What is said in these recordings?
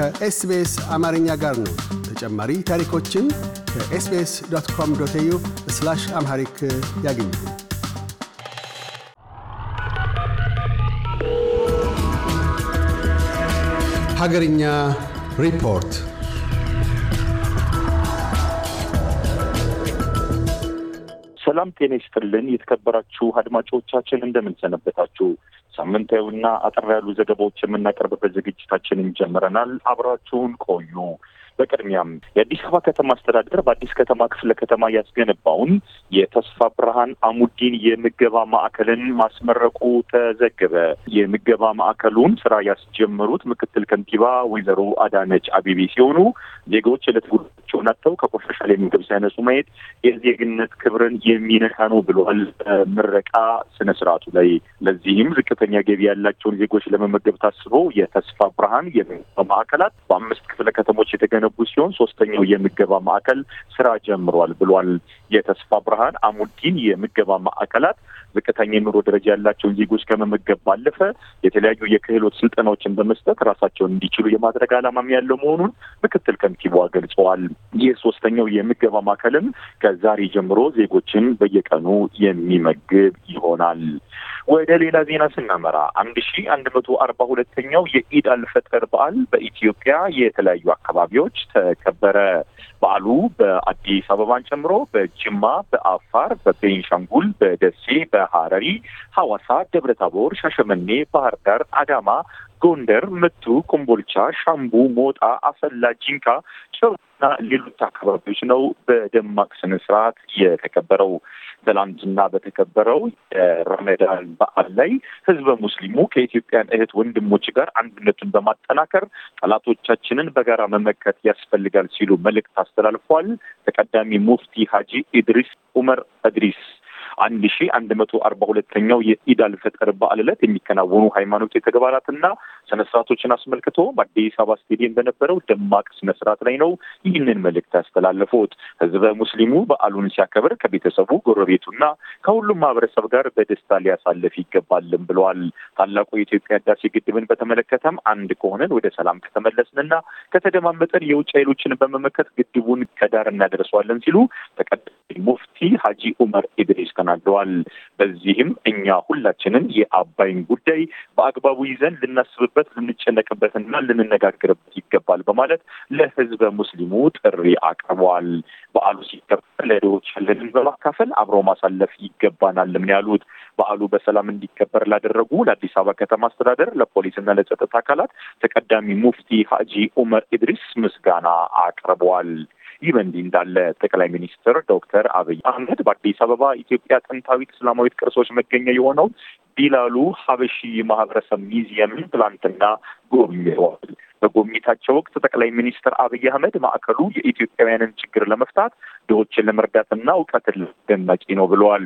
ከኤስቢኤስ አማርኛ ጋር ነው። ተጨማሪ ታሪኮችን ከኤስቢኤስ ዶት ኮም ዶት ኤዩ ስላሽ አምሃሪክ ያገኙ። ሀገርኛ ሪፖርት ሰላም ጤና ይስጥልን። የተከበራችሁ አድማጮቻችን እንደምንሰነበታችሁ ሳምንታዊና አጠር ያሉ ዘገባዎች የምናቀርብበት ዝግጅታችንን ጀምረናል። አብራችሁን ቆዩ። በቅድሚያም የአዲስ አበባ ከተማ አስተዳደር በአዲስ ከተማ ክፍለ ከተማ ያስገነባውን የተስፋ ብርሃን አሙዲን የምገባ ማዕከልን ማስመረቁ ተዘገበ። የምገባ ማዕከሉን ስራ ያስጀመሩት ምክትል ከንቲባ ወይዘሮ አዳነች አቤቤ ሲሆኑ ዜጎች ዕለት ጉዳቸውን አጥተው ከቆሻሻ ላይ ምግብ ሳይነሱ ማየት የዜግነት ክብርን የሚነካ ነው ብለዋል። ምረቃ ስነ ስርዓቱ ላይ ለዚህም ዝቅተኛ ገቢ ያላቸውን ዜጎች ለመመገብ ታስበው የተስፋ ብርሃን የምገባ ማዕከላት በአምስት ክፍለ ከተሞች የተገነ የገነቡ ሲሆን ሶስተኛው የምገባ ማዕከል ስራ ጀምሯል ብሏል። የተስፋ ብርሃን አሙዲን የምገባ ማዕከላት ዝቅተኛ የኑሮ ደረጃ ያላቸውን ዜጎች ከመመገብ ባለፈ የተለያዩ የክህሎት ስልጠናዎችን በመስጠት ራሳቸውን እንዲችሉ የማድረግ ዓላማም ያለው መሆኑን ምክትል ከንቲባዋ ገልጸዋል። ይህ ሶስተኛው የምገባ ማዕከልም ከዛሬ ጀምሮ ዜጎችን በየቀኑ የሚመግብ ይሆናል። ወደ ሌላ ዜና ስናመራ አንድ ሺ አንድ መቶ አርባ ሁለተኛው የኢድ አልፈጠር በዓል በኢትዮጵያ የተለያዩ አካባቢዎች ተከበረ። በዓሉ በአዲስ አበባን ጨምሮ በጅማ፣ በአፋር፣ በቤንሻንጉል፣ በደሴ፣ በሐረሪ፣ ሐዋሳ፣ ደብረ ታቦር፣ ሻሸመኔ፣ ባህር ዳር፣ አዳማ፣ ጎንደር፣ መቱ፣ ኮምቦልቻ፣ ሻምቡ፣ ሞጣ፣ አሰላ፣ ጂንካ፣ ጨውና ሌሎች አካባቢዎች ነው በደማቅ ስነስርዓት የተከበረው። ትላንትና በተከበረው የረመዳን በዓል ላይ ህዝበ ሙስሊሙ ከኢትዮጵያን እህት ወንድሞች ጋር አንድነቱን በማጠናከር ጠላቶቻችንን በጋራ መመከት ያስፈልጋል ሲሉ መልእክት አስተላልፏል። ተቀዳሚ ሙፍቲ ሀጂ ኢድሪስ ኡመር እድሪስ አንድ ሺ አንድ መቶ አርባ ሁለተኛው የኢድ አልፈጠር በዓል ዕለት የሚከናወኑ ሃይማኖት ተግባራትና ስነስርዓቶችን አስመልክቶ በአዲስ አበባ ስቴዲየም በነበረው ደማቅ ስነስርዓት ላይ ነው ይህንን መልእክት ያስተላለፉት። ህዝበ ሙስሊሙ በዓሉን ሲያከብር ከቤተሰቡ ጎረቤቱና ከሁሉም ማህበረሰብ ጋር በደስታ ሊያሳልፍ ይገባልን ብለዋል። ታላቁ የኢትዮጵያ ህዳሴ ግድብን በተመለከተም አንድ ከሆነን ወደ ሰላም ከተመለስንና ከተደማመጠን የውጭ ኃይሎችን በመመከት ግድቡን ከዳር እናደርሰዋለን ሲሉ ተቀዳሚ ሙፍቲ ሀጂ ኡመር ኢድሪስ ተናግረዋል። በዚህም እኛ ሁላችንን የአባይን ጉዳይ በአግባቡ ይዘን ልናስብበት ልንወያይበት፣ ልንጨነቅበትና ልንነጋገርበት ይገባል በማለት ለህዝበ ሙስሊሙ ጥሪ አቅርበዋል። በዓሉ ሲከበር ለድሆች ያለንን በማካፈል አብሮ ማሳለፍ ይገባናል ነው ያሉት። በዓሉ በሰላም እንዲከበር ላደረጉ ለአዲስ አበባ ከተማ አስተዳደር፣ ለፖሊስና ለጸጥታ አካላት ተቀዳሚ ሙፍቲ ሀጂ ኡመር ኢድሪስ ምስጋና አቅርበዋል። ይህ በእንዲህ እንዳለ ጠቅላይ ሚኒስትር ዶክተር አብይ አህመድ በአዲስ አበባ ኢትዮጵያ ጥንታዊት እስላማዊት ቅርሶች መገኛ የሆነው ቢላሉ ሀበሺ ማህበረሰብ ሚዚየምን ትላንትና ጎብኝተዋል። በጎብኝታቸው ወቅት ጠቅላይ ሚኒስትር አብይ አህመድ ማዕከሉ የኢትዮጵያውያንን ችግር ለመፍታት ድሆችን ለመርዳትና እውቀትን ለማስደናቂ ነው ብለዋል።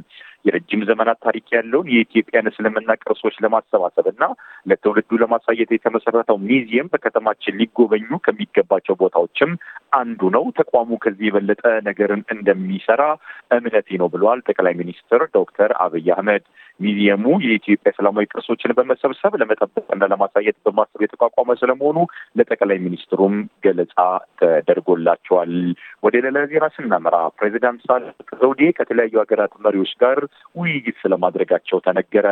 የረጅም ዘመናት ታሪክ ያለውን የኢትዮጵያን እስልምና ቅርሶች ለማሰባሰብ እና ለትውልዱ ለማሳየት የተመሰረተው ሚዚየም በከተማችን ሊጎበኙ ከሚገባቸው ቦታዎችም አንዱ ነው። ተቋሙ ከዚህ የበለጠ ነገርን እንደሚሰራ እምነቴ ነው ብለዋል ጠቅላይ ሚኒስትር ዶክተር አብይ አህመድ። ሚዚየሙ የኢትዮጵያ ሰላማዊ ቅርሶችን በመሰብሰብ ለመጠበቅና ለማሳየት በማሰብ የተቋቋመ ስለመሆኑ ለጠቅላይ ሚኒስትሩም ገለጻ ተደርጎላቸዋል። ወደ ሌላ ዜና ስናመራ ፕሬዚዳንት ሳህለወርቅ ዘውዴ ከተለያዩ ሀገራት መሪዎች ጋር ውይይት ስለማድረጋቸው ተነገረ።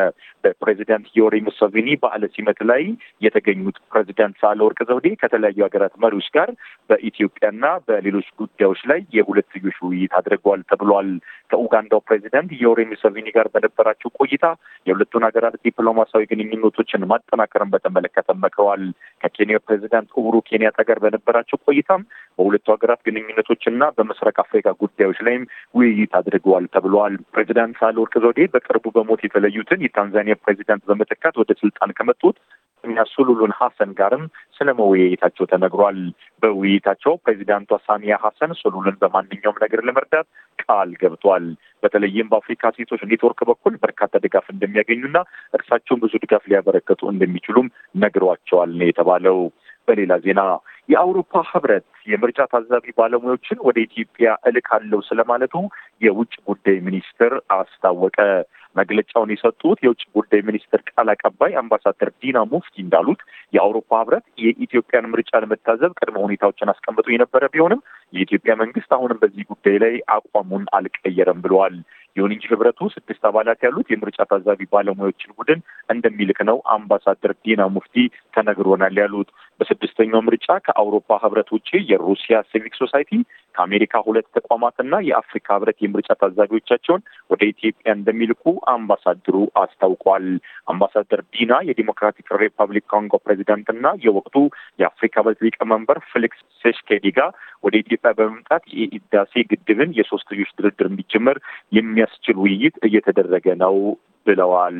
በፕሬዚዳንት ዮዌሪ ሙሰቪኒ በዓለ ሲመት ላይ የተገኙት ፕሬዚዳንት ሳህለወርቅ ዘውዴ ከተለያዩ ሀገራት መሪዎች ጋር በኢትዮጵያና በሌሎች ጉዳዮች ላይ የሁለትዮሽ ውይይት አድርገዋል ተብሏል። ከኡጋንዳው ፕሬዚዳንት ዮሬ ሙሰቪኒ ጋር በነበራቸው ቆይ ቆይታ የሁለቱን ሀገራት ዲፕሎማሲያዊ ግንኙነቶችን ማጠናከርን በተመለከተ መክረዋል። ከኬንያ ፕሬዚዳንት ኡሁሩ ኬንያታ ጋር በነበራቸው ቆይታም በሁለቱ ሀገራት ግንኙነቶችና በምስራቅ አፍሪካ ጉዳዮች ላይም ውይይት አድርገዋል ተብለዋል። ፕሬዚዳንት ሳህለወርቅ ዘውዴ በቅርቡ በሞት የተለዩትን የታንዛኒያ ፕሬዚዳንት በመተካት ወደ ስልጣን ከመጡት ሱሉሉን ሀሰን ጋርም ስለ መወያየታቸው ተነግሯል። በውይይታቸው ፕሬዚዳንቷ ሳሚያ ሀሰን ሱሉሉን በማንኛውም ነገር ለመርዳት ቃል ገብቷል። በተለይም በአፍሪካ ሴቶች ኔትወርክ በኩል በርካታ ድጋፍ እንደሚያገኙና እርሳቸውን ብዙ ድጋፍ ሊያበረከቱ እንደሚችሉም ነግሯቸዋል ነው የተባለው። በሌላ ዜና የአውሮፓ ህብረት የምርጫ ታዛቢ ባለሙያዎችን ወደ ኢትዮጵያ እልካለሁ ስለማለቱ የውጭ ጉዳይ ሚኒስትር አስታወቀ። መግለጫውን የሰጡት የውጭ ጉዳይ ሚኒስትር ቃል አቀባይ አምባሳደር ዲና ሙፍቲ እንዳሉት የአውሮፓ ህብረት የኢትዮጵያን ምርጫ ለመታዘብ ቅድመ ሁኔታዎችን አስቀምጦ የነበረ ቢሆንም የኢትዮጵያ መንግስት አሁንም በዚህ ጉዳይ ላይ አቋሙን አልቀየረም ብለዋል። ይሁን እንጂ ህብረቱ ስድስት አባላት ያሉት የምርጫ ታዛቢ ባለሙያዎችን ቡድን እንደሚልክ ነው አምባሳደር ዲና ሙፍቲ ተነግሮናል ያሉት። በስድስተኛው ምርጫ ከአውሮፓ ህብረት ውጭ የሩሲያ ሲቪክ ሶሳይቲ ከአሜሪካ ሁለት ተቋማትና የአፍሪካ ህብረት የምርጫ ታዛቢዎቻቸውን ወደ ኢትዮጵያ እንደሚልኩ አምባሳደሩ አስታውቋል። አምባሳደር ዲና የዲሞክራቲክ ሪፐብሊክ ኮንጎ ፕሬዚዳንትና የወቅቱ የአፍሪካ ህብረት ሊቀመንበር ፌሊክስ ሴሽኬዲ ጋር ወደ ኢትዮጵያ በመምጣት የህዳሴ ግድብን የሶስትዮሽ ድርድር እንዲጀመር የሚያስችል ውይይት እየተደረገ ነው ብለዋል።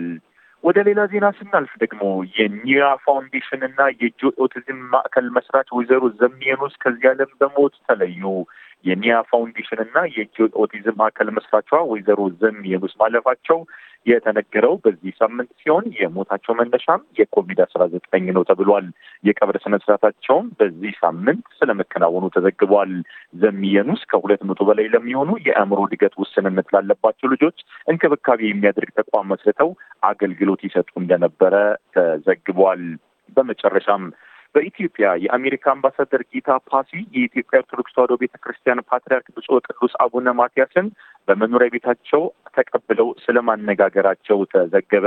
ወደ ሌላ ዜና ስናልፍ ደግሞ የኒያ ፋውንዴሽን እና የጆ ኦቲዝም ማዕከል መስራች ወይዘሮ ዘሚሄኖስ ከዚህ ዓለም በሞት ተለዩ። የኒያ ፋውንዴሽን እና የጆ ኦቲዝም ማዕከል መስራቿ ወይዘሮ ዘሚሄኖስ ማለፋቸው የተነገረው በዚህ ሳምንት ሲሆን የሞታቸው መነሻም የኮቪድ አስራ ዘጠኝ ነው ተብሏል። የቀብር ስነስርዓታቸውም በዚህ ሳምንት ስለመከናወኑ ተዘግቧል። ዘሚየኑስ ከሁለት መቶ በላይ ለሚሆኑ የአእምሮ እድገት ውስንነት ላለባቸው ልጆች እንክብካቤ የሚያደርግ ተቋም መስርተው አገልግሎት ይሰጡ እንደነበረ ተዘግቧል። በመጨረሻም በኢትዮጵያ የአሜሪካ አምባሳደር ጊታ ፓሲ የኢትዮጵያ ኦርቶዶክስ ተዋሕዶ ቤተ ክርስቲያን ፓትርያርክ ብፁዕ ቅዱስ አቡነ ማትያስን በመኖሪያ ቤታቸው ተቀብለው ስለማነጋገራቸው ተዘገበ።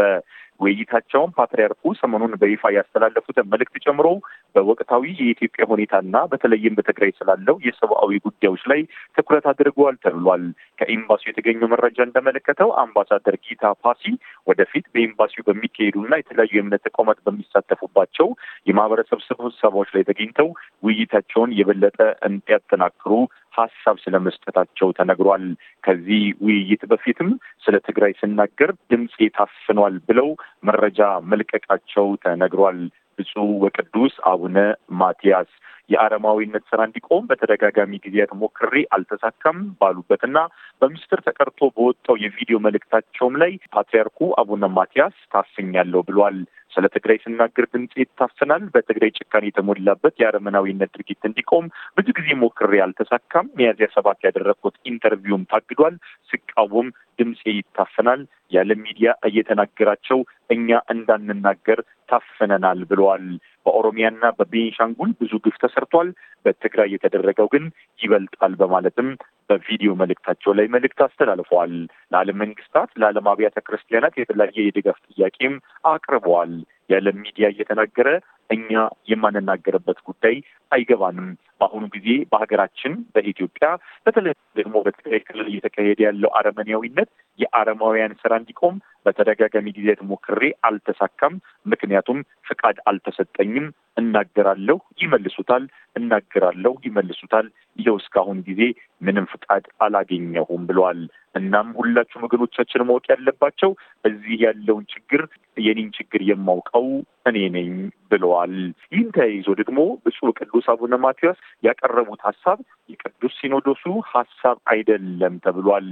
ውይይታቸውን ፓትርያርኩ ሰሞኑን በይፋ ያስተላለፉትን መልእክት ጨምሮ በወቅታዊ የኢትዮጵያ ሁኔታና በተለይም በትግራይ ስላለው የሰብአዊ ጉዳዮች ላይ ትኩረት አድርገዋል ተብሏል። ከኤምባሲው የተገኘው መረጃ እንደመለከተው አምባሳደር ጊታ ፓሲ ወደፊት በኤምባሲው በሚካሄዱና የተለያዩ የእምነት ተቋማት በሚሳተፉባቸው የማህበረሰብ ስብሰባዎች ላይ ተገኝተው ውይይታቸውን የበለጠ እንዲያጠናክሩ ሀሳብ ስለመስጠታቸው ተነግሯል። ከዚህ ውይይት በፊትም ስለ ትግራይ ስናገር ድምፄ ታፍኗል ብለው መረጃ መልቀቃቸው ተነግሯል። ብፁዕ ወቅዱስ አቡነ ማትያስ የአረማዊነት ስራ እንዲቆም በተደጋጋሚ ጊዜያት ሞክሬ አልተሳካም ባሉበትና በምስጢር ተቀርቶ በወጣው የቪዲዮ መልእክታቸውም ላይ ፓትሪያርኩ አቡነ ማትያስ ታፍኛለሁ ብሏል። ስለ ትግራይ ስናገር ድምጽ ይታፈናል። በትግራይ ጭካኔ የተሞላበት የአረመናዊነት ድርጊት እንዲቆም ብዙ ጊዜ ሞክሬ አልተሳካም። ሚያዝያ ሰባት ያደረግኩት ኢንተርቪውም ታግዷል። ስቃወም ድምጽ ይታፈናል። የዓለም ሚዲያ እየተናገራቸው እኛ እንዳንናገር ታፍነናል ብለዋል። በኦሮሚያና በቤንሻንጉል ብዙ ግፍ ተሰርቷል፣ በትግራይ የተደረገው ግን ይበልጣል በማለትም በቪዲዮ መልእክታቸው ላይ መልእክት አስተላልፈዋል። ለዓለም መንግስታት፣ ለዓለም አብያተ ክርስቲያናት የተለያየ የድጋፍ ጥያቄም አቅርበዋል። የዓለም ሚዲያ እየተናገረ እኛ የማንናገርበት ጉዳይ አይገባንም። በአሁኑ ጊዜ በሀገራችን በኢትዮጵያ በተለይ ደግሞ በትግራይ ክልል እየተካሄደ ያለው አረመኔያዊነት የአረማውያን ስራ እንዲቆም በተደጋጋሚ ጊዜ ተሞክሬ አልተሳካም። ምክንያቱም ፍቃድ አልተሰጠኝም። እናገራለሁ፣ ይመልሱታል፣ እናገራለሁ፣ ይመልሱታል። ይኸው እስካሁን ጊዜ ምንም ፍቃድ አላገኘሁም ብለዋል። እናም ሁላችሁም ወገኖቻችን ማወቅ ያለባቸው እዚህ ያለውን ችግር የኔን ችግር የማውቀው እኔ ነኝ ብለዋል። ይህን ተያይዞ ደግሞ ብፁዕ ቅዱስ አቡነ ማትያስ ያቀረቡት ሀሳብ የቅዱስ ሲኖዶሱ ሀሳብ አይደለም ተብሏል።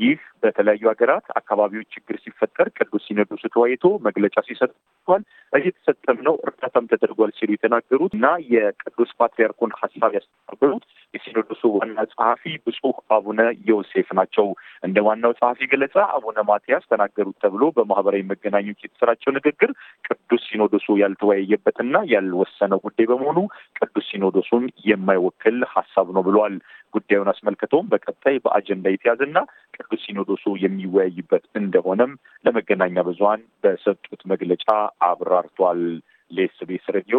ይህ በተለያዩ ሀገራት አካባቢዎች ችግር ሲፈጠር ቅዱስ ሲኖዶሱ ስተዋይቶ መግለጫ ሲሰጥቷል። እየተሰጠም ነው፣ እርዳታም ተደርጓል ሲሉ የተናገሩት እና የቅዱስ ፓትሪያርኩን ሀሳብ ያስተናገሩት የሲኖዶሱ ዋና ጸሐፊ ብጹህ አቡነ ዮሴፍ ናቸው። እንደ ዋናው ጸሐፊ ገለጻ አቡነ ማትያስ ተናገሩት ተብሎ በማህበራዊ መገናኞች የተሰራቸው ንግግር ቅዱስ ሲኖዶሱ ያልተወያየበትና ያልወሰነው ጉዳይ በመሆኑ ቅዱስ ሲኖዶሱን የማይወክል ሀሳብ ነው ብለዋል። ጉዳዩን አስመልክቶም በቀጣይ በአጀንዳ የተያዘና ቅዱስ ሲኖዶሱ የሚወያይበት እንደሆነም ለመገናኛ ብዙሀን በሰጡት መግለጫ አብራርቷል። ለኤስቤስ ሬዲዮ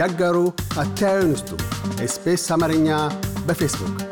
ያጋሩ፣ አስተያየትዎን ይስጡ። ኤስፔስ አማርኛ በፌስቡክ